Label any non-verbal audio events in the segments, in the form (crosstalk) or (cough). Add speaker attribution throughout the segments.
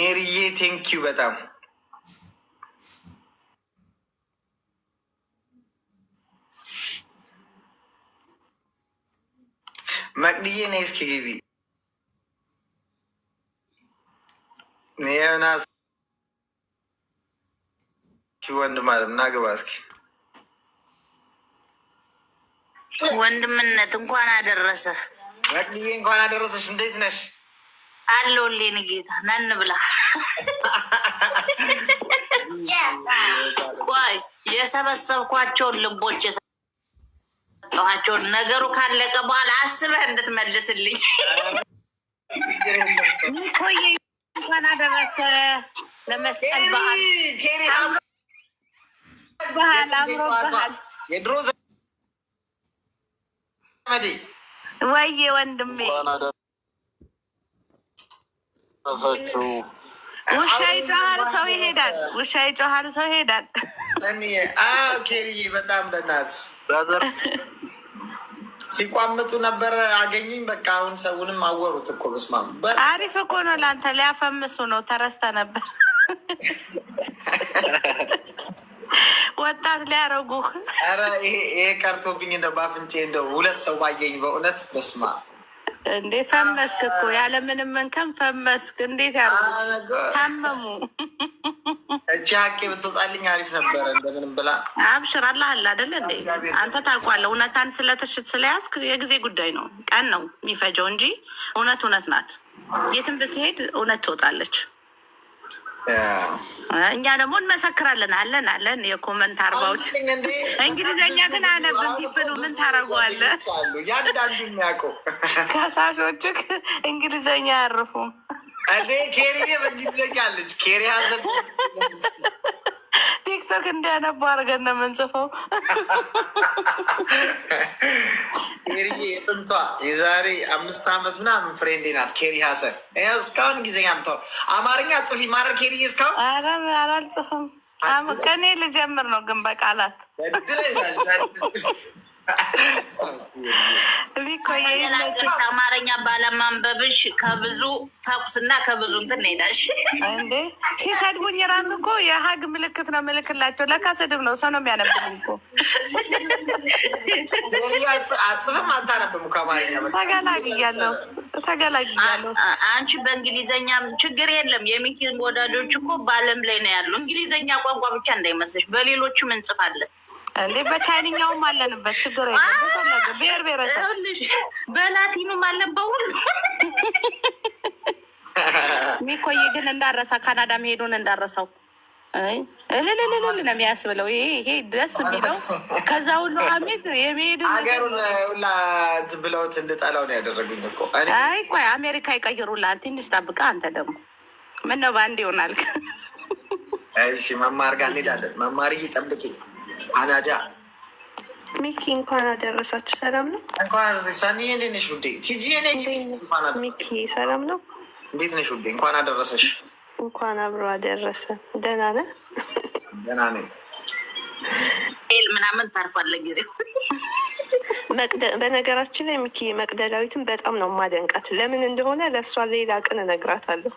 Speaker 1: ሜሪዬ ቴንኪው በጣም መቅድዬ ነይ እስኪ ግቢ። ናስ ወንድም አለ እና እስኪ።
Speaker 2: ወንድምነት እንኳን አደረሰ።
Speaker 1: መቅድዬ እንኳን አደረሰች እንዴት ነሽ?
Speaker 2: አለውልን ጌታ ነን ብላ ቆይ የሰበሰብኳቸውን ልቦች የሰጠኋቸውን ነገሩ ካለቀ በኋላ አስበህ እንድትመልስልኝ ሚኮየ እንኳን አደረሰ ለመስቀል በዓል ባህል አምሮ ባህል የድሮ ወየ ወንድሜ ራሳችሁ ውሻ ይጮሃል፣ ሰው ይሄዳል። ውሻ ይጮሃል፣ ሰው ይሄዳል።
Speaker 1: ኬሪዬ በጣም በናት ሲቋምጡ ነበር አገኙኝ። በቃ አሁን ሰውንም አወሩት እኮ በስማ
Speaker 2: አሪፍ እኮ ነው። ለአንተ ሊያፈምሱ ነው። ተረስተ ነበር ወጣት ሊያረጉህ።
Speaker 1: ኧረ ይሄ ቀርቶብኝ እንደው ባፍንጬ እንደው ሁለት ሰው ባየኝ በእውነት በስማ
Speaker 2: እንዴ ፈመስክ እኮ ያለምንም መንከም ፈመስክ። እንዴት
Speaker 1: ያርጉ ታመሙ። እቺ ሀቄ ብትወጣልኝ አሪፍ ነበረ። እንደምንም ብላ
Speaker 2: አብሽር። አላህ አለ አደለ እንዴ? አንተ ታውቋለህ። እውነታን ስለተሽት ስለያዝክ የጊዜ ጉዳይ ነው። ቀን ነው የሚፈጀው እንጂ እውነት እውነት ናት። የትም ብትሄድ እውነት ትወጣለች። እኛ ደግሞ እንመሰክራለን። አለን አለን የኮመንት አርባዎች እንግሊዝኛ ግን አነብም ቢብሉ ምን ታረጓለ?
Speaker 1: ያንዳንዱ ታደርገዋለህ?
Speaker 2: ከሳሾች እንግሊዝኛ ያርፉ። ቲክቶክ እንዲያነቡ አድርገን ነው የምንጽፈው።
Speaker 1: ኬሪዬ የጥንቷ የዛሬ አምስት ዓመት ምናምን ፍሬንዴ ናት። ኬሪ ሀሰን እስካሁን ጊዜ ያምተው አማርኛ ጽፊ ማረር ኬሪ እስካሁን
Speaker 2: አላልጽፍም። ከኔ ልጀምር ነው ግን በቃላት አማርኛ ባለማንበብሽ ከብዙ ተኩስና ከብዙ እንትን ሄዳሽ እንዴ? ሲሰድቡኝ ራሱ እኮ የሀግ ምልክት ነው ምልክላቸው። ለካ ስድብ ነው፣ ሰው ነው የሚያነብልኝ እኮ።
Speaker 1: አጽፍም አታነብም እኮ አማርኛ።
Speaker 2: ተገላግያለሁ፣ ተገላግያለሁ። አንቺ ችግር የለም። የሚኪ ወዳጆች እኮ በአለም ላይ ነው ያሉ። እንግሊዘኛ ቋንቋ ብቻ እንዳይመስልሽ፣ በሌሎችም እንጽፋለን እንዴ በቻይንኛውም አለንበት ችግር ብሔር ብሔረሰብ በላቲኑም አለን በሁሉ (laughs) ሚኮይ ግን እንዳረሳ ካናዳ መሄዱን እንዳረሳው እልልልልል ነው የሚያስብለው። ይሄ ይሄ ደስ የሚለው ከዛ ሁሉ አሜት የመሄድ
Speaker 1: ሀገሩን ሁላ ብለውት እንድጠላው ነው ያደረጉኝ እኮ።
Speaker 2: አይ ቆይ አሜሪካ ይቀይሩላል። ትንሽ ጠብቃ። አንተ ደግሞ ምነው በአንድ ይሆናል።
Speaker 1: እሺ መማር ጋር እንሄዳለን። መማር እየጠብቅኝ አናዳ
Speaker 2: ሚኪ እንኳን አደረሳችሁ። ሰላም ነው?
Speaker 1: እንኳን ሳኒ። ነሽ ውዴ። ቲጂ
Speaker 2: ሚኪ ሰላም ነው?
Speaker 1: እንዴት ነሽ ውዴ? እንኳን አደረሰሽ።
Speaker 2: እንኳን አብሮ አደረሰ። ደህና ነህ? ደህና ነኝ። ምናምን ታርፋለ በነገራችን ላይ ሚኪ መቅደላዊትን በጣም ነው ማደንቃት። ለምን እንደሆነ ለእሷ ሌላ ቀን እነግራታለሁ።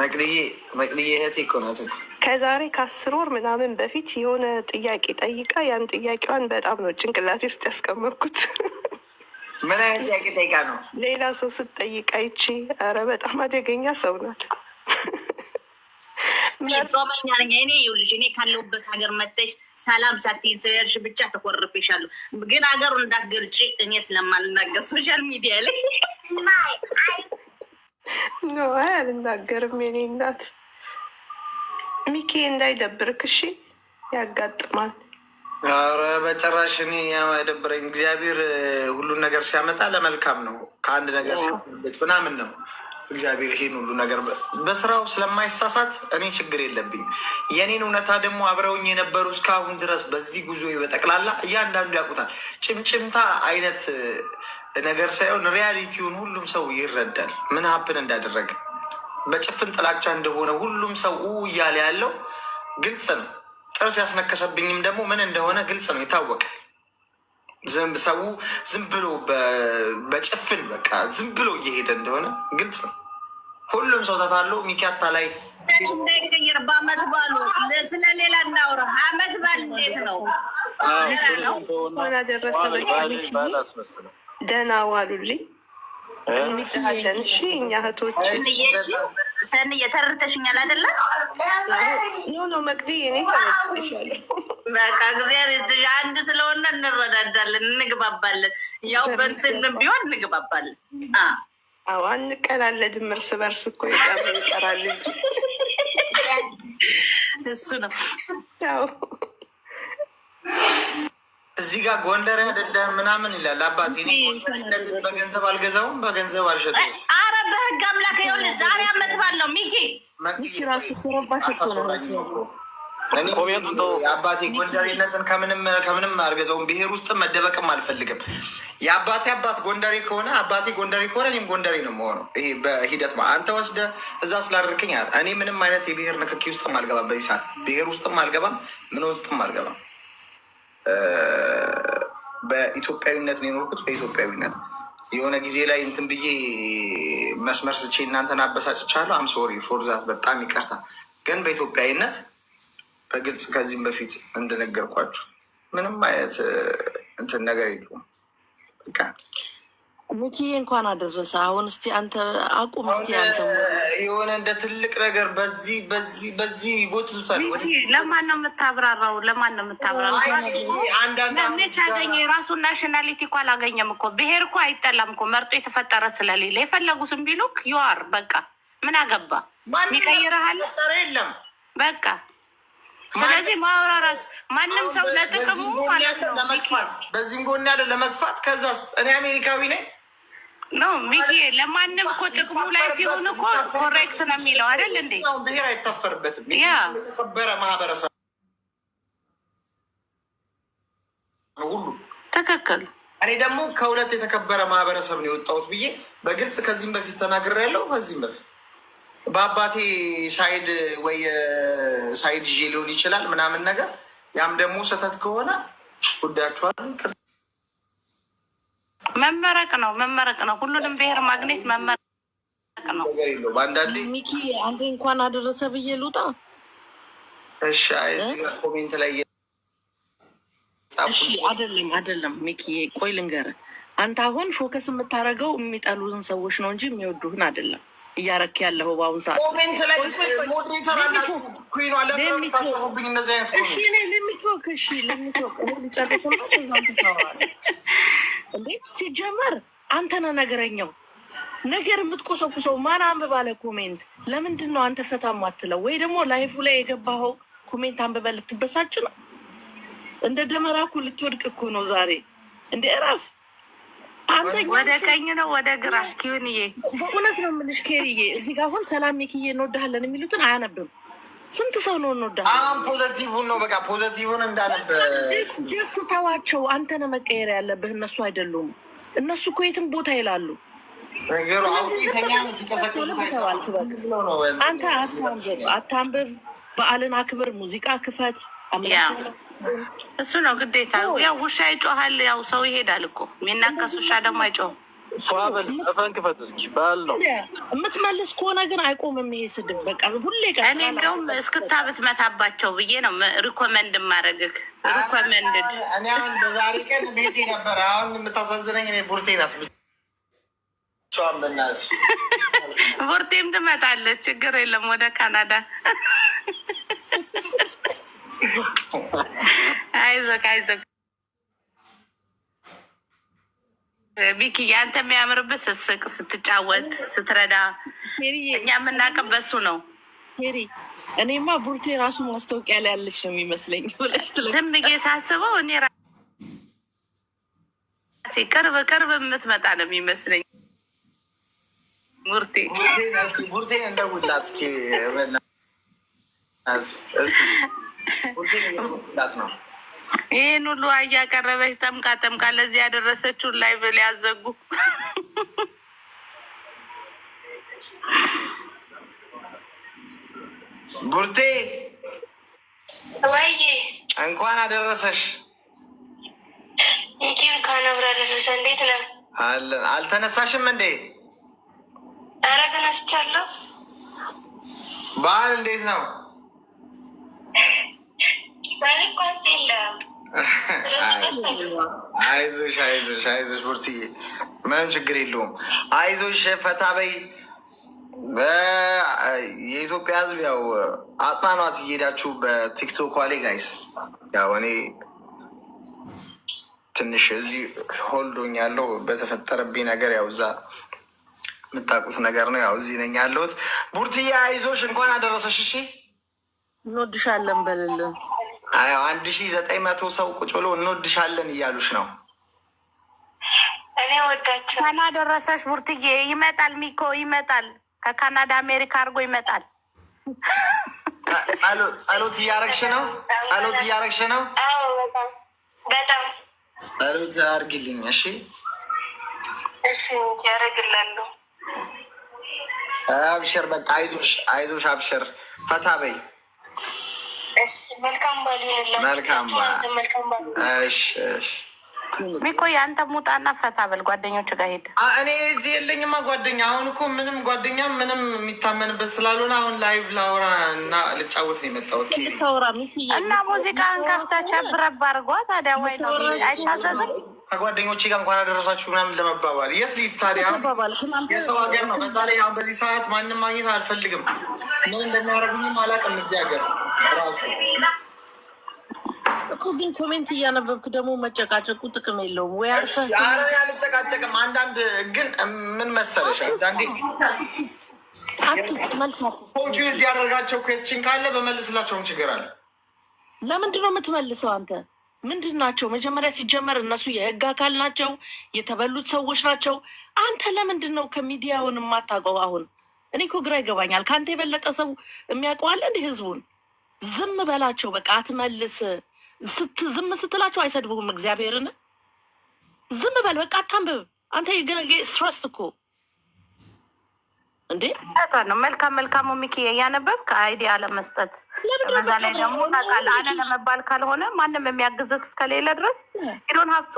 Speaker 1: መቅድዬ መቅድዬ እህቴ እኮ ናት።
Speaker 2: ከዛሬ ከአስር ወር ምናምን በፊት የሆነ ጥያቄ ጠይቃ ያን ጥያቄዋን በጣም ነው ጭንቅላቴ ውስጥ ያስቀመጥኩት።
Speaker 1: ምን አይነት ጥያቄ ጠይቃ ነው?
Speaker 2: ሌላ ሰው ስትጠይቃ ይቺ ኧረ በጣም አደገኛ ሰው ናት። ጾመኛ ነኝ እኔ ይኸውልሽ፣ እኔ ካለሁበት ሀገር መጥተሽ ሰላም ሳትይኝ ስለሄድሽ ብቻ ተኮርፌሻለሁ። ግን ሀገሩ እንዳትገልጪ እኔ ስለማልናገር ሶሻል ሚዲያ ላይ ነው አልናገርም። የኔ እናት ሚኪ እንዳይደብርክ እሺ። ያጋጥማል።
Speaker 1: ኧረ በጭራሽ እኔ አይደብረኝ። እግዚአብሔር ሁሉን ነገር ሲያመጣ ለመልካም ነው። ከአንድ ነገር ሲያመጣ ምናምን ነው። እግዚአብሔር ይህን ሁሉ ነገር በስራው ስለማይሳሳት እኔ ችግር የለብኝ። የኔን እውነታ ደግሞ አብረውኝ የነበሩ እስካሁን ድረስ በዚህ ጉዞ በጠቅላላ እያንዳንዱ ያውቁታል። ጭምጭምታ አይነት ነገር ሳይሆን ሪያሊቲውን ሁሉም ሰው ይረዳል፣ ምን ሀፕን እንዳደረገ በጭፍን ጥላቻ እንደሆነ ሁሉም ሰው እያለ ያለው ግልጽ ነው። ጥርስ ያስነከሰብኝም ደግሞ ምን እንደሆነ ግልጽ ነው፣ የታወቀ ሰው ዝም ብሎ በጭፍን በቃ ዝም ብሎ እየሄደ እንደሆነ ግልጽ ነው። ሁሉም ሰው ተታሎ ሚኪያታ ላይ
Speaker 2: እንዳይቀየር በአመት ባሉ ስለሌላ እናውራ። አመት ባል እንዴት ነው? ደህና ዋሉልኝ። እሺ እኛ እህቶች ሰንዬ ተረድተሽኛል አይደለ? ኖ ኖ መቅዲ እኔ ተረድተሻለሁ። በቃ እግዚአብሔር አንድ ስለሆነ እንረዳዳለን፣ እንግባባለን። ያው በንትንም ቢሆን እንግባባለን። አዎ አንቀላለድም፣ እርስ በርስ እኮ ይቀራል እንጂ እሱ ነው።
Speaker 1: እዚህ ጋር ጎንደር አይደለም ምናምን ይላል አባት። በገንዘብ አልገዛውም፣ በገንዘብ አልሸጥም።
Speaker 2: አረ በህግ አምላክ ይሁን። ዛሬ አመት ባል ነው ሚኪ
Speaker 1: አባቴ ጎንደሬነትን ከምንም ከምንም አልገዛውም። ብሄር ውስጥ መደበቅም አልፈልግም። የአባቴ አባት ጎንደሬ ከሆነ አባቴ ጎንደሬ ከሆነ እኔም ጎንደሬ ነው መሆኑ። ይሄ በሂደት አንተ ወስደ እዛ ስላደርክኝ እኔ ምንም አይነት የብሄር ንክኪ ውስጥም አልገባም። በዚህ ሰዓት ብሄር ውስጥም አልገባም፣ ምን ውስጥም አልገባም። በኢትዮጵያዊነት ነው የኖርኩት። በኢትዮጵያዊነት የሆነ ጊዜ ላይ እንትን ብዬ መስመር ስቼ እናንተን አበሳጭቻለሁ። አም ሶሪ ፎር ዛት በጣም ይቀርታ። ግን በኢትዮጵያዊነት በግልጽ ከዚህም በፊት እንደነገርኳችሁ ምንም አይነት እንትን ነገር የለውም በቃ
Speaker 2: ሚኪ እንኳን አደረሰ። አሁን እስቲ አንተ አቁም። እስቲ አንተ
Speaker 1: የሆነ እንደ ትልቅ ነገር በዚህ በዚህ በዚህ ይጎትቱታል።
Speaker 2: ለማን ነው የምታብራራው? ለማን ነው የምታብራራው? መች አገኘ? የራሱን ናሽናሊቲ እኮ አላገኘም እኮ። ብሄር እኮ አይጠላም እኮ መርጦ የተፈጠረ ስለሌለ የፈለጉትን ቢሉክ ዩአር በቃ ምን አገባ? ይቀይረሃል የለም በቃ ስለዚህ ማውራራት ማንም ሰው ለጥቅሙ ማለት ነው።
Speaker 1: በዚህም ጎን ያለ ለመግፋት ከዛስ እኔ አሜሪካዊ ነኝ
Speaker 2: ኖ ሚኪ ለማንም እኮ ጥቅሙ ላይ ሲሆን እኮ ኮሬክት ነው የሚለው አይደል እንዴ?
Speaker 1: ብሔር አይታፈርበትም።
Speaker 2: የተከበረ ማህበረሰብ ሁሉ ትክክል።
Speaker 1: እኔ ደግሞ ከሁለት የተከበረ ማህበረሰብ ነው የወጣሁት ብዬ በግልጽ ከዚህም በፊት ተናግሬያለሁ። ከዚህም በፊት በአባቴ ሳይድ ወይ ሳይድ ይዤ ሊሆን ይችላል ምናምን ነገር ያም ደግሞ ስህተት ከሆነ ጉዳያችኋል።
Speaker 2: መመረቅ ነው መመረቅ ነው። ሁሉንም ብሔር ማግኘት መመረቅ ነው። ሚኪ አንዴ እንኳን አደረሰ ብዬ ልውጣ።
Speaker 1: እሺ ኮሜንት ላይ
Speaker 2: እሺ አይደለም አይደለም፣ ሚኪ ቆይ ልንገር። አንተ አሁን ፎከስ የምታደርገው የሚጠሉትን ሰዎች ነው እንጂ የሚወዱህን አይደለም። እያረክ ያለው በአሁን ሰዓት ኮሜንት ላይ ሲጀመር አንተነ ነገረኛው ነገር የምትቆሰቁሰው ማን አንብባለ ኮሜንት ለምንድን ነው አንተ ፈታ ማትለው? ወይ ደግሞ ላይፉ ላይ የገባኸው ኮሜንት አንብበ ልትበሳጭ ነው እንደ ደመራ እኮ ልትወድቅ እኮ ነው ዛሬ። እንደ እራፍ አንተ ወደ ቀኝ ነው ወደ ግራ ኪውንዬ። በእውነት ነው የምልሽ ኬሪዬ፣ እዚህ ጋር አሁን ሰላም ኪዬ እንወዳሃለን የሚሉትን አያነብም። ስንት ሰው ነው እንወዳለን።
Speaker 1: አሁን ፖዘቲቭን ነው በቃ ፖዘቲቭን እንዳነብ
Speaker 2: ጀስት ተዋቸው። አንተ ነህ መቀየር ያለብህ፣ እነሱ አይደሉም። እነሱ እኮ የትም ቦታ ይላሉ። አንተ አታንብብ፣ አታንብብ። በዓልን አክብር፣ ሙዚቃ ክፈት፣ አምላ እሱ ነው ግዴታ። ያው ውሻ ይጮሃል፣ ያው ሰው ይሄዳል እኮ የሚናከስ ውሻ ደግሞ አይጮህም። ፈንክፈት የምትመልስ ከሆነ ግን አይቆምም ይሄ ስድብ። በቃ ሁሌ እኔ እንደውም እስክታ ብትመታባቸው ብዬ ነው ሪኮመንድ ማድረግህ። ሪኮመንድድ
Speaker 1: እኔ አሁን በዛሬ ቀን ቤቴ ነበር። አሁን የምታሳዝነኝ እኔ ቡርቴ ናት።
Speaker 2: ቡርቴም ትመጣለች፣ ችግር የለም ወደ ካናዳ አይዞህ አይዞህ ቢኪ ያንተ የሚያምርበት ስትስቅ፣ ስትጫወት፣ ስትረዳ እኛ የምናውቅ በሱ ነው። ሪ እኔማ ቡርቴ ራሱ ማስታወቂያ ላይ ያለች ነው የሚመስለኝ። ዝም ብዬ ሳስበው እኔ ራሴ ቅርብ ቅርብ የምትመጣ ነው የሚመስለኝ ቡርቴ
Speaker 1: ቡርቴ እንደውላት
Speaker 2: ይህን ሁሉ እያቀረበች ጠምቃ ጠምቃ ለዚህ ያደረሰችውን ላይ ብል ያዘጉ ቡርቴ ወይ
Speaker 1: እንኳን አደረሰሽ።
Speaker 2: እንኪ እንኳን አብራ ደረሰ። እንዴት ነው
Speaker 1: አልተነሳሽም እንዴ?
Speaker 2: ኧረ ተነስቻለሁ።
Speaker 1: በዓል እንዴት ነው? አይዞሽ አይዞሽ አይዞሽ ቡርትዬ፣ ምንም ችግር የለውም። አይዞሽ ፈታ በይ። የኢትዮጵያ ሕዝብ ያው አጽናኗት እየሄዳችሁ በቲክቶክ ዋሌ ጋይስ፣ ያው እኔ ትንሽ እዚህ ሆልዶኝ ያለው በተፈጠረብኝ ነገር ያው እዛ የምታውቁት ነገር ነው። ያው እዚህ ነኝ ያለሁት። ቡርትዬ አይዞሽ፣ እንኳን አደረሰሽ። እሺ
Speaker 2: እንወድሻለን በልልን።
Speaker 1: አንድ ሺ ዘጠኝ መቶ ሰው ቁጭ ብሎ እንወድሻለን እያሉሽ ነው።
Speaker 2: እኔ ወዳቸው ከና ደረሰሽ ቡርትዬ። ይመጣል ሚኮ ይመጣል፣ ከካናዳ አሜሪካ አድርጎ ይመጣል።
Speaker 1: ጸሎት እያረግሽ ነው። ጸሎት እያረግሽ ነው። ጸሎት አርግልኝ። እሺ
Speaker 2: እሺ፣ ያደርግላለሁ።
Speaker 1: አብሽር፣ በቃ አይዞሽ፣ አይዞሽ፣ አብሽር፣ ፈታ በይ።
Speaker 2: ሚኮ አንተ ሙጣና ፈታ በል ጓደኞች ጋር ሄድ።
Speaker 1: እኔ እዚህ የለኝማ ጓደኛ። አሁን እኮ ምንም ጓደኛ ምንም የሚታመንበት ስላልሆነ አሁን ላይቭ ላውራ እና ልጫወት ነው የመጣሁት።
Speaker 2: እና ሙዚቃን ከፍተህ ቸብረብ አድርጓ ታዲያ። ወይ ነው አይታዘዝም።
Speaker 1: ከጓደኞቼ ጋር እንኳን አደረሳችሁ ምናምን ለመባባል የት ሊፍ ታዲያ? የሰው ሀገር ነው። በዛ ላይ አሁን በዚህ ሰዓት ማንም ማግኘት አልፈልግም። ምን እንደሚያደርጉኝም አላውቅም። እግዚአብሔር ራሱ
Speaker 2: እኮ ግን ኮሜንት እያነበብክ ደግሞ መጨቃጨቁ ጥቅም የለውም ወይ?
Speaker 1: ኧረ አልጨቃጨቅም። አንዳንድ ግን ምን መሰለሽ አንዳንዴ ያደርጋቸው ካለ በመልስላቸውም ችግር አለ።
Speaker 2: ለምንድን ነው የምትመልሰው አንተ? ምንድን ናቸው መጀመሪያ ሲጀመር እነሱ የህግ አካል ናቸው፣ የተበሉት ሰዎች ናቸው። አንተ ለምንድን ነው ከሚዲያውን የማታውቀው አሁን እኔ እኮ ግራ ይገባኛል። ከአንተ የበለጠ ሰው የሚያውቀዋል እንዲህ ህዝቡን ዝም በላቸው በቃ አትመልስ። ዝም ስትላቸው አይሰድቡም። እግዚአብሔርን ዝም በል በቃ አታንብብ። አንተ ስትረስት እኮ እንዴ ነው መልካም መልካሙ ሚኪ እያነበብክ አይዲያ ለመስጠት በዛ ላይ ደግሞ ታውቃለህ፣ አለ ለመባል ካልሆነ ማንም የሚያግዝህ እስከሌለ ድረስ ሂዶን ሀብቱ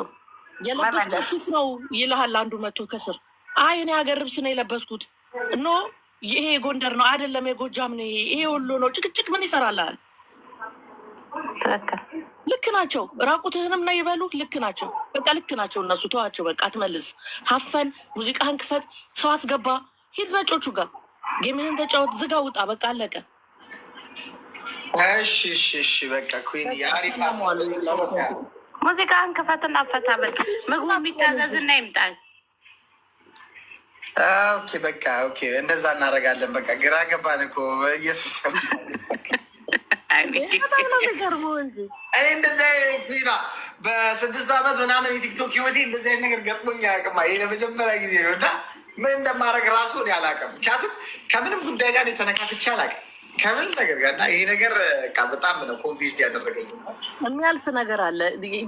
Speaker 2: የለበስኩት ሱፍ ነው ይልሃል አንዱ መቶ ከስር አይ እኔ ሀገር ልብስ ነው የለበስኩት እኖ ይሄ የጎንደር ነው አይደለም፣ የጎጃም ነው፣ ይሄ ወሎ ነው። ጭቅጭቅ ምን ይሰራላል ልክ ናቸው። ራቁትህንም ነው ይበሉ። ልክ ናቸው። በቃ ልክ ናቸው እነሱ። ተዋቸው በቃ አትመልስ። ሀፈን ሙዚቃህን ክፈት፣ ሰው አስገባ፣ ሂድ ነጮቹ ጋር ጌምህን ተጫወት፣ ዝጋ፣ ውጣ። በቃ አለቀ።
Speaker 1: እሺ፣ እሺ፣ እሺ። በቃ ኩን የአሪፍ
Speaker 2: ሙዚቃህን ክፈትና ፈታ በል። ምግቡ የሚታዘዝና ይምጣል
Speaker 1: ኦኬ በቃ ኦኬ፣ እንደዛ እናደርጋለን። በቃ ግራ ገባን እኮ ኢየሱስ። እኔ እንደዚህ ና በስድስት ዓመት ምናምን የቲክቶክ ህይወቴ እንደዚህ አይነት ነገር ገጥሞኝ አያውቅም። ይሄ ለመጀመሪያ ጊዜ ነው እና ምን እንደማደርግ ራሱን እኔ አላውቅም። ምክንያቱም ከምንም ጉዳይ ጋር የተነካክቼ አላውቅም። ከምን ነገር ጋር እና ይሄ ነገር በጣም ነው ኮንፊውዝድ ያደረገኝ።
Speaker 2: የሚያልፍ ነገር አለ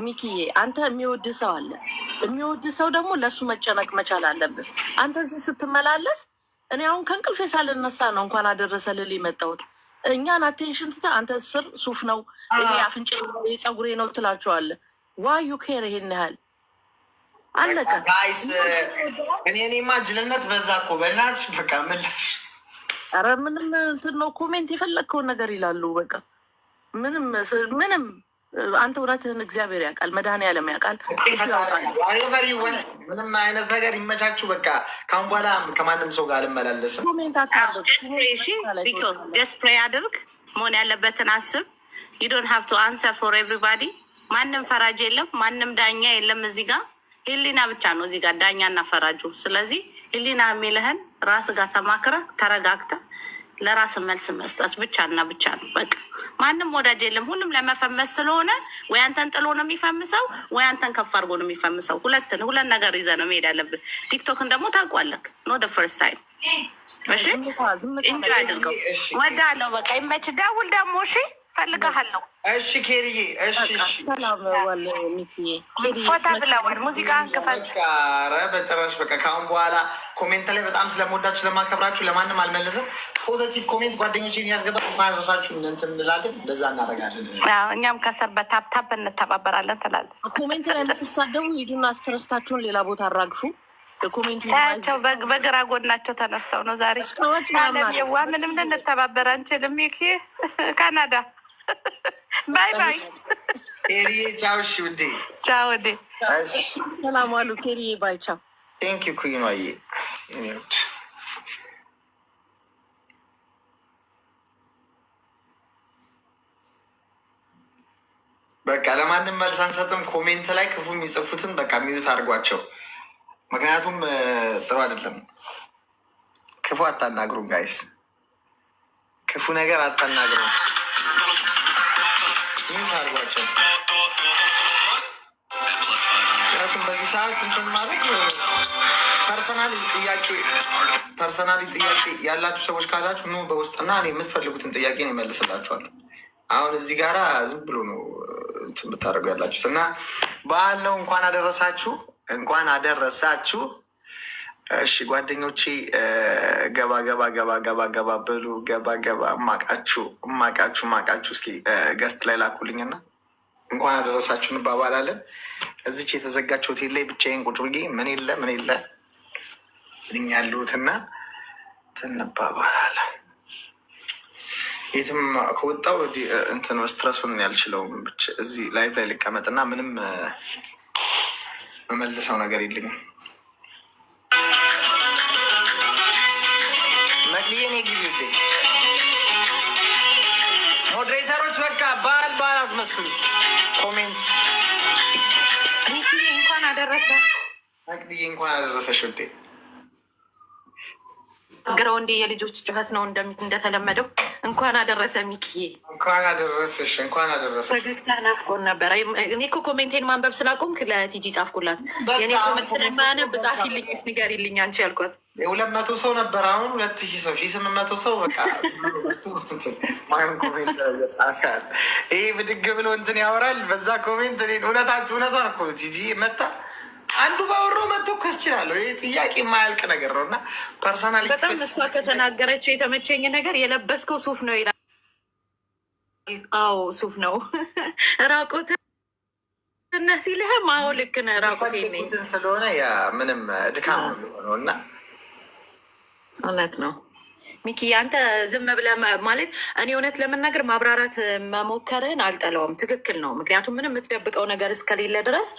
Speaker 2: ሚኪዬ፣ አንተ የሚወድ ሰው አለ። የሚወድ ሰው ደግሞ ለእሱ መጨነቅ መቻል አለብን። አንተ እዚህ ስትመላለስ እኔ አሁን ከእንቅልፌ ሳልነሳ ነው እንኳን አደረሰ ልል የመጣሁት። እኛን አቴንሽን ትተህ አንተ ስር ሱፍ ነው ይሄ አፍንጫ የፀጉሬ ነው ትላቸዋለህ። ዋዩ ኬር ይሄን ያህል አለቀ።
Speaker 1: እኔ እኔማ ጅልነት በዛ እኮ በእናትሽ በቃ ምላሽ
Speaker 2: ኧረ ምንም እንትን ነው ኮሜንት የፈለግከውን ነገር ይላሉ። በቃ ምንም ምንም አንተ እውነትህን እግዚአብሔር ያውቃል፣ መድኃኒዓለም ያውቃል፣ እሱ
Speaker 1: ያውቃል። ምንም አይነት ነገር ይመቻችሁ። በቃ ካሁን በኋላ ከማንም ሰው ጋር አልመላለስም።
Speaker 2: ጀስት አድርግ፣ መሆን ያለበትን አስብ። ዩ ዶንት ሃቭ ቱ አንሰር ፎር ኤቭሪባዲ። ማንም ፈራጅ የለም፣ ማንም ዳኛ የለም። እዚህ ጋር ሄሊና ብቻ ነው እዚህ ጋር ዳኛና ፈራጁ። ስለዚህ ህሊና የሚልህን ራስ ጋር ተማክረ ተረጋግተ ለራስ መልስ መስጠት ብቻ እና ብቻ ነው። በቃ ማንም ወዳጅ የለም። ሁሉም ለመፈመስ ስለሆነ ወይ አንተን ጥሎ ነው የሚፈምሰው፣ ወይ አንተን ከፍ አድርጎ ነው የሚፈምሰው። ሁለት ሁለት ነገር ይዘ ነው መሄድ አለብን። ቲክቶክን ደግሞ ታውቋለህ። ኖ ፈርስት ታይም እሺ፣ እንጂ አድርገው ወዳለው በቃ ይመች። ደውል ደግሞ እሺ ፈልጋሃለሁ።
Speaker 1: እሺ እሺ ፎታ ብለዋል። ሙዚቃ ኧረ በጭራሽ በቃ ከአሁን በኋላ ኮሜንት ላይ በጣም ስለምወዳችሁ ስለማከብራችሁ ለማንም አልመለስም። ፖዘቲቭ ኮሜንት ጓደኞችን እያስገባ ማረሳችሁ እንትን እንላለን፣ እንደዛ እናደርጋለን።
Speaker 2: እኛም እንተባበራለን ትላለን። ኮሜንት ላይ የምትሳደቡ ሂዱና ሌላ ቦታ አራግፉ። በግራ ጎናቸው ተነስተው ነው ዛሬ። አለም የዋ ምንም ልንተባበር አንችልም። ካናዳ ባይ ባይ።
Speaker 1: ኬሪዬ ቻው። እሺ ውዴ
Speaker 2: ቻው። ውዴ ሰላም ዋሉ ኬሪዬ። ባይ ቻው።
Speaker 1: ቴንክ ዩ ኩይኗዬ። በቃ ለማንም መልስ አንሰጥም። ኮሜንት ላይ ክፉ የሚጽፉትን በቃ ሚዩት አድርጓቸው። ምክንያቱም ጥሩ አይደለም። ክፉ አታናግሩም ጋይስ፣ ክፉ ነገር አታናግሩም። ሰዓት እንትን ማድረግ ፐርሰናል ጥያቄ ፐርሰናል ጥያቄ ያላችሁ ሰዎች ካላችሁ ኑ በውስጥና እኔ የምትፈልጉትን ጥያቄ ነው ይመልስላችኋለሁ። አሁን እዚህ ጋራ ዝም ብሎ ነው ብታደርጉ ያላችሁት እና በዓል ነው። እንኳን አደረሳችሁ፣ እንኳን አደረሳችሁ። እሺ ጓደኞቼ ገባ ገባ ገባ ገባ ገባ በሉ ገባ ገባ። እማቃችሁ እማቃችሁ እማቃችሁ። እስኪ ገስት ላይ ላኩልኝና እንኳን አደረሳችሁ እንባባላለን። እዚች የተዘጋች ሆቴል ላይ ብቻዬን ቁጭ ብዬ ምን የለ ምን የለ ልኝ ያለሁትና ትንባባላለን። የትም ከወጣው እንትን ስትረሱን ያልችለውም ብቻ እዚህ ላይቭ ላይ ልቀመጥና ምንም መመልሰው ነገር የለኝም። መክሊየን እኔ ግቢ ባል ባል አስመስሉት። ኮሜንት
Speaker 2: እንኳን አደረሰ
Speaker 1: አቅድዬ እንኳን አደረሰሽ ውዴ።
Speaker 2: ግረው እንዴ የልጆች ጩኸት ነው እንደተለመደው እንኳን አደረሰ ሚኪዬ፣
Speaker 1: እንኳን አደረሰሽ፣ እንኳን አደረሰ።
Speaker 2: ፈገግታ ናፍቆን ነበር። እኔ እኮ ኮሜንቴን ማንበብ ስላቆምክ ለቲጂ ጻፍኩላት። የኔ ኮሜንት ስለማያነብ ጻፊልኝ፣ ንገሪልኝ አንቺ ያልኳት።
Speaker 1: ሁለት መቶ ሰው ነበር፣ አሁን ሁለት ሺህ ሰው ሺህ ስምንት መቶ ሰው በቃ ማን ኮሜንት ጻፍ ያለ ይህ ብድግ ብሎ እንትን ያወራል። በዛ ኮሜንት እውነታችሁ እውነቷን እኮ ቲጂ መታ አንዱ በወሮ መጥቶ ኮስ ይችላለሁ። ይህ ጥያቄ ማያልቅ ነገር ነው እና ፐርሰናል
Speaker 2: በጣም እሷ ከተናገረችው የተመቸኝ ነገር የለበስከው ሱፍ ነው ይላል። አዎ ሱፍ ነው (laughs) ራቁት እና ሲልህም አዎ ልክ ነህ። ራቆት
Speaker 1: ስለሆነ ምንም ድካም ነው የሚሆነው እና
Speaker 2: እውነት ነው። ሚኪ አንተ ዝም ብለህ ማለት እኔ እውነት ለመናገር ማብራራት መሞከርህን አልጠለውም። ትክክል ነው። ምክንያቱም ምንም የምትደብቀው ነገር እስከሌለ ድረስ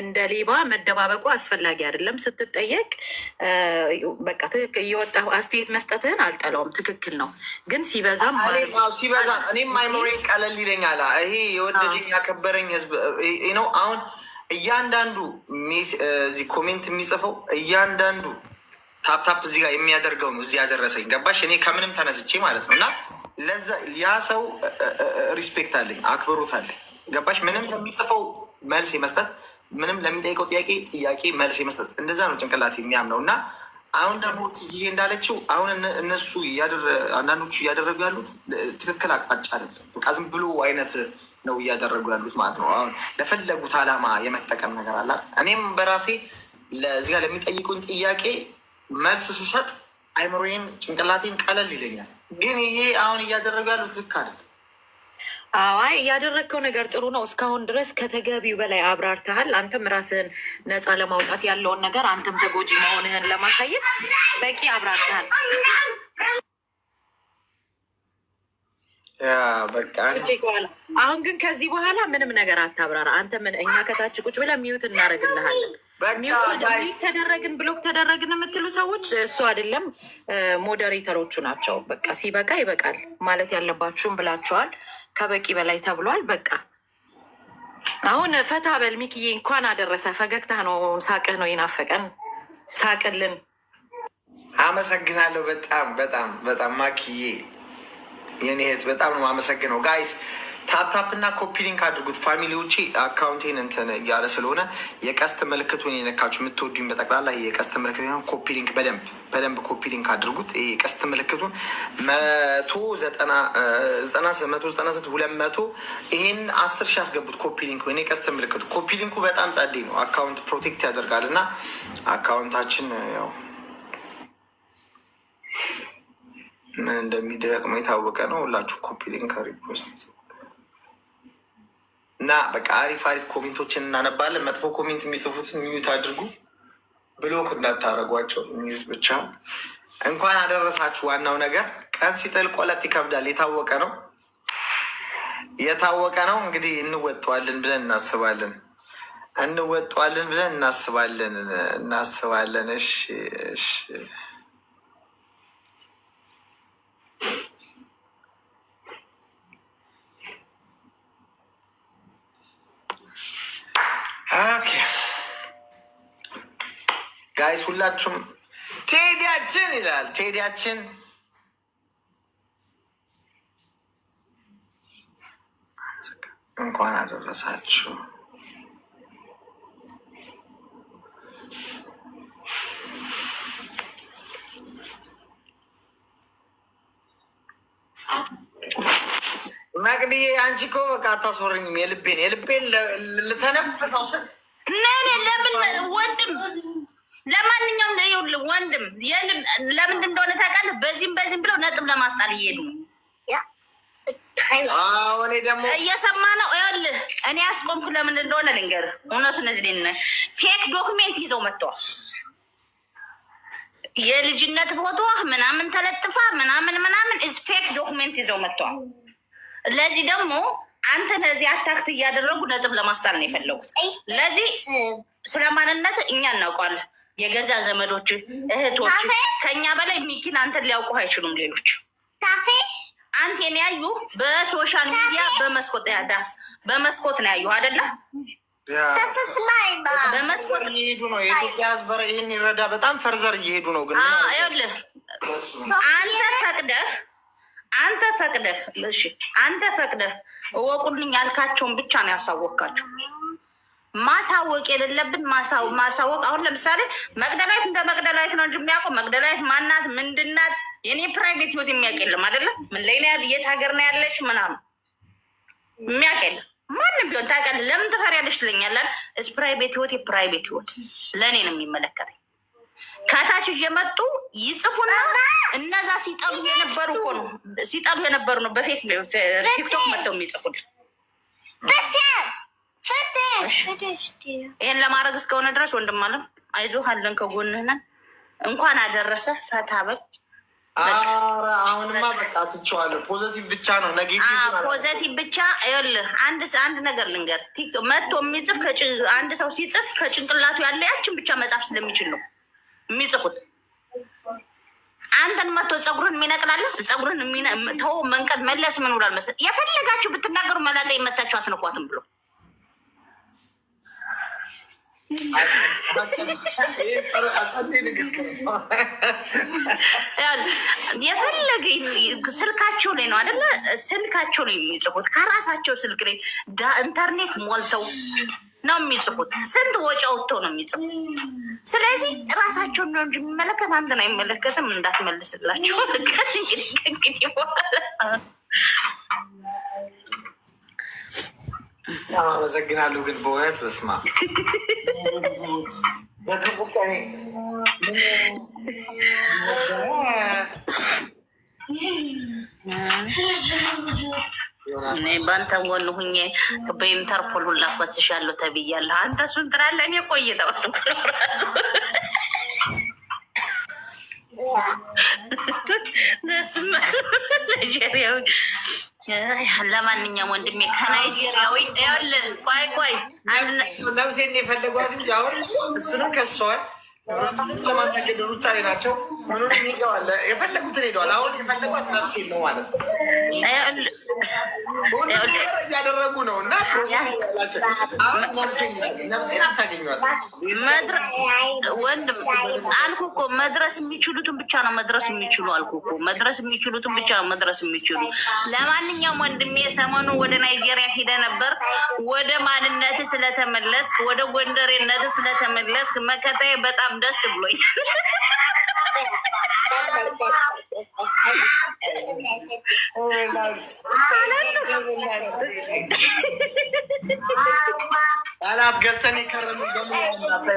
Speaker 2: እንደ ሌባ መደባበቁ አስፈላጊ አይደለም። ስትጠየቅ በቃ ትክክል እየወጣ አስተያየት መስጠትህን አልጠለውም። ትክክል ነው። ግን ሲበዛም
Speaker 1: ሲበዛ እኔም አይሞሬን ቀለል ይለኛል። ይሄ የወደደኝ ያከበረኝ ህዝብ ነው። አሁን እያንዳንዱ እዚህ ኮሜንት የሚጽፈው እያንዳንዱ ታፕታፕ እዚህ ጋር የሚያደርገው ነው እዚህ ያደረሰኝ። ገባሽ? እኔ ከምንም ተነስቼ ማለት ነው። እና ለዛ ያ ሰው ሪስፔክት አለኝ፣ አክብሮት አለኝ። ገባሽ? ምንም ለሚጽፈው መልስ የመስጠት ምንም ለሚጠይቀው ጥያቄ ጥያቄ መልስ የመስጠት እንደዛ ነው ጭንቅላት የሚያምነው እና አሁን ደግሞ ትጅዬ እንዳለችው አሁን እነሱ አንዳንዶቹ እያደረጉ ያሉት ትክክል አቅጣጫ አይደለም። በቃ ዝም ብሎ አይነት ነው እያደረጉ ያሉት ማለት ነው። አሁን ለፈለጉት አላማ የመጠቀም ነገር አለ። እኔም በራሴ ዚጋ ጋር ለሚጠይቁኝ ጥያቄ መልስ ስሰጥ አይምሮዬን ጭንቅላቴን ቀለል ይለኛል። ግን ይሄ አሁን እያደረጉ ያሉት ልክ አለ።
Speaker 2: አይ ያደረግከው ነገር ጥሩ ነው። እስካሁን ድረስ ከተገቢው በላይ አብራርተሃል። አንተም ራስህን ነፃ ለማውጣት ያለውን ነገር አንተም ተጎጂ መሆንህን ለማሳየት በቂ አብራርተሃል። አሁን ግን ከዚህ በኋላ ምንም ነገር አታብራራ። አንተ ምን እኛ ከታች ቁጭ ብለን ሚዩት እናደርግልሃለን። ተደረግን ብሎክ ተደረግን የምትሉ ሰዎች እሱ አይደለም ሞዴሬተሮቹ ናቸው። በቃ ሲበቃ ይበቃል ማለት ያለባችሁም ብላችኋል። ከበቂ በላይ ተብሏል። በቃ አሁን ፈታ በል ሚኪዬ፣ እንኳን አደረሰ። ፈገግታ ነው ሳቅህ ነው ይናፈቀን። ሳቅልን።
Speaker 1: አመሰግናለሁ። በጣም በጣም በጣም ማኪዬ፣ የኔ እህት በጣም ነው አመሰግነው ጋይስ ታፕታፕ እና ኮፒሊንክ አድርጉት። ፋሚሊዎቼ አካውንቴን እንትን እያለ ስለሆነ የቀስት ምልክቱን የነካችሁ የምትወዱኝ በጠቅላላ የቀስት ምልክት ኮፒሊንክ በደንብ በደንብ ኮፒሊንክ አድርጉት። ይሄ የቀስት ምልክቱን መቶ ዘጠና ዘጠና ስድስት ሁለት መቶ ይሄን አስር ሺህ አስገቡት። ኮፒሊንክ ወይ የቀስት ምልክቱ ኮፒሊንኩ በጣም ጸዴ ነው። አካውንት ፕሮቴክት ያደርጋል እና አካውንታችን ያው ምን እንደሚደቅመው የታወቀ ነው። ሁላችሁ ኮፒሊንክ ሪፖስት እና በቃ አሪፍ አሪፍ ኮሜንቶችን እናነባለን። መጥፎ ኮሜንት የሚጽፉትን ሚዩት አድርጉ፣ ብሎክ እንዳታረጓቸው። ሚዩት ብቻ እንኳን አደረሳችሁ። ዋናው ነገር ቀን ሲጥል ቆለጥ ይከብዳል። የታወቀ ነው፣ የታወቀ ነው። እንግዲህ እንወጠዋለን ብለን እናስባለን፣ እንወጠዋለን ብለን እናስባለን፣ እናስባለን። እሺ፣ እሺ። ሁላችሁም ቴዲያችን ይላል ቴዲያችን እንኳን አደረሳችሁ። መቅድዬ አንቺ እኮ በቃ አታስወርኝም። የልቤን የልቤን ልተነፍሰው ስል
Speaker 2: ለምን ወንድም ለማንኛውም ይሁል ወንድም ለምንድ እንደሆነ ታውቃለህ? በዚህም በዚህም ብለው ነጥብ ለማስጣል እየሄዱ እየሰማ ነው። ይኸውልህ እኔ ያስቆምኩ ለምን እንደሆነ ልንገር፣ እውነቱ እነዚህ ፌክ ዶክሜንት ይዘው መጥተዋል። የልጅነት ፎቶ ምናምን ተለጥፋ ምናምን ምናምን ፌክ ዶክሜንት ይዘው መጥተዋል። ለዚህ ደግሞ አንተ ለዚህ አታክት እያደረጉ ነጥብ ለማስጣል ነው የፈለጉት። ለዚህ ስለማንነት እኛ እናውቃለን። የገዛ ዘመዶች እህቶች ከኛ በላይ ሚኪን አንተን ሊያውቁ አይችሉም። ሌሎች አንቴን ያዩ በሶሻል ሚዲያ በመስኮት ያዳ በመስኮት ነው ያዩ አደለ? በመስኮት
Speaker 1: እየሄዱ ነው። የኢትዮጵያ ሕዝብ ይህን ይረዳ። በጣም ፈርዘር እየሄዱ ነው።
Speaker 2: ግን አንተ ፈቅደህ አንተ ፈቅደህ አንተ ፈቅደህ እወቁልኝ ያልካቸውን ብቻ ነው ያሳወቅካቸው። ማሳወቅ የሌለብን ማሳወቅ። አሁን ለምሳሌ መቅደላዊት እንደ መቅደላዊት ነው እንጂ የሚያውቀው መቅደላዊት ማናት ምንድናት፣ የኔ ፕራይቬት ህይወት የሚያውቅ የለም። አይደለም ምን ላይ ነው የት ሀገር ነው ያለች ምናምን የሚያውቅ የለም። ማንም ቢሆን ታውቃለህ። ለምን ትፈሪያለሽ ትለኛለን። እስ ፕራይቬት ህይወት የፕራይቬት ህይወት ለእኔ ነው የሚመለከተኝ። ከታች እየመጡ ይጽፉና እነዛ ሲጠሉ የነበሩ እኮ ነው ሲጠሉ የነበሩ ነው በፌክ ቲክቶክ መጥተው የሚጽፉልን ይህን ለማድረግ እስከሆነ ድረስ ወንድም አለም አይዞህ አለን ከጎንህ ነን። እንኳን አደረሰ ፈታ በል።
Speaker 1: አሁንማ በቃ ትችዋለህ። ፖዘቲቭ ብቻ ነው ነጌቲቭ፣
Speaker 2: ፖዘቲቭ ብቻ ይኸውልህ፣ አንድ አንድ ነገር ልንገር፣ መጥቶ የሚጽፍ አንድ ሰው ሲጽፍ ከጭንቅላቱ ያለ ያችን ብቻ መጻፍ ስለሚችል ነው የሚጽፉት። አንተን መጥቶ ፀጉርን የሚነቅላለህ ፀጉርን ተው መንቀድ መለስ ምን ብሏል መሰለህ፣ የፈለጋችሁ ብትናገሩ መላጣ የመታችሁ አትነኳትም ብሎ የፈለገ ስልካቸው ላይ ነው አይደለ? ስልካቸው ላይ የሚጽፉት ከራሳቸው ስልክ ላይ ኢንተርኔት ሞልተው ነው የሚጽፉት። ስንት ወጪ አውጥተው ነው የሚጽፉት። ስለዚህ ራሳቸውን ነው እንጂ የሚመለከት አንተን አይመለከትም። እንዳትመልስላቸው ልቀት እንግዲህ አመሰግናለሁ። ግን በእውነት በስማ ብዙዎች በክፉ ቀን እኔ በአንተ ጎን ሁኜ በኢንተርፖል ሁላ ኮስሻለሁ ተብያለሁ። አንተ እሱን ትላለህ፣ እኔ ቆይ ተባልኩ ራሱ ስማ ለማንኛውም ወንድሜ ከናይጄሪያዊ ይኸውልህ፣ ቆይ ቆይ ነብሴን የፈለጓት እንጂ አሁን እሱንም ከሰዋል። ንብረቱን ለማሳገድ ሩጫ ላይ ናቸው። ምኑን ሄደዋል፣ የፈለጉትን ሄደዋል። አሁን የፈለጓት ነብሴን ነው ማለት ነው። እያደረጉ ነው እና ወንድም አልኩ እኮ መድረስ የሚችሉትን ብቻ ነው መድረስ የሚችሉ አልኩ እኮ መድረስ የሚችሉትን ብቻ ነው መድረስ የሚችሉ። ለማንኛውም ወንድሜ ሰሞኑ ወደ ናይጄሪያ ሄደ ነበር። ወደ ማንነት ስለተመለስክ ወደ ጎንደሬነት ስለተመለስክ መከታዬ በጣም ደስ ብሎኛል። አላት ገዝተን የከረምን ደግሞ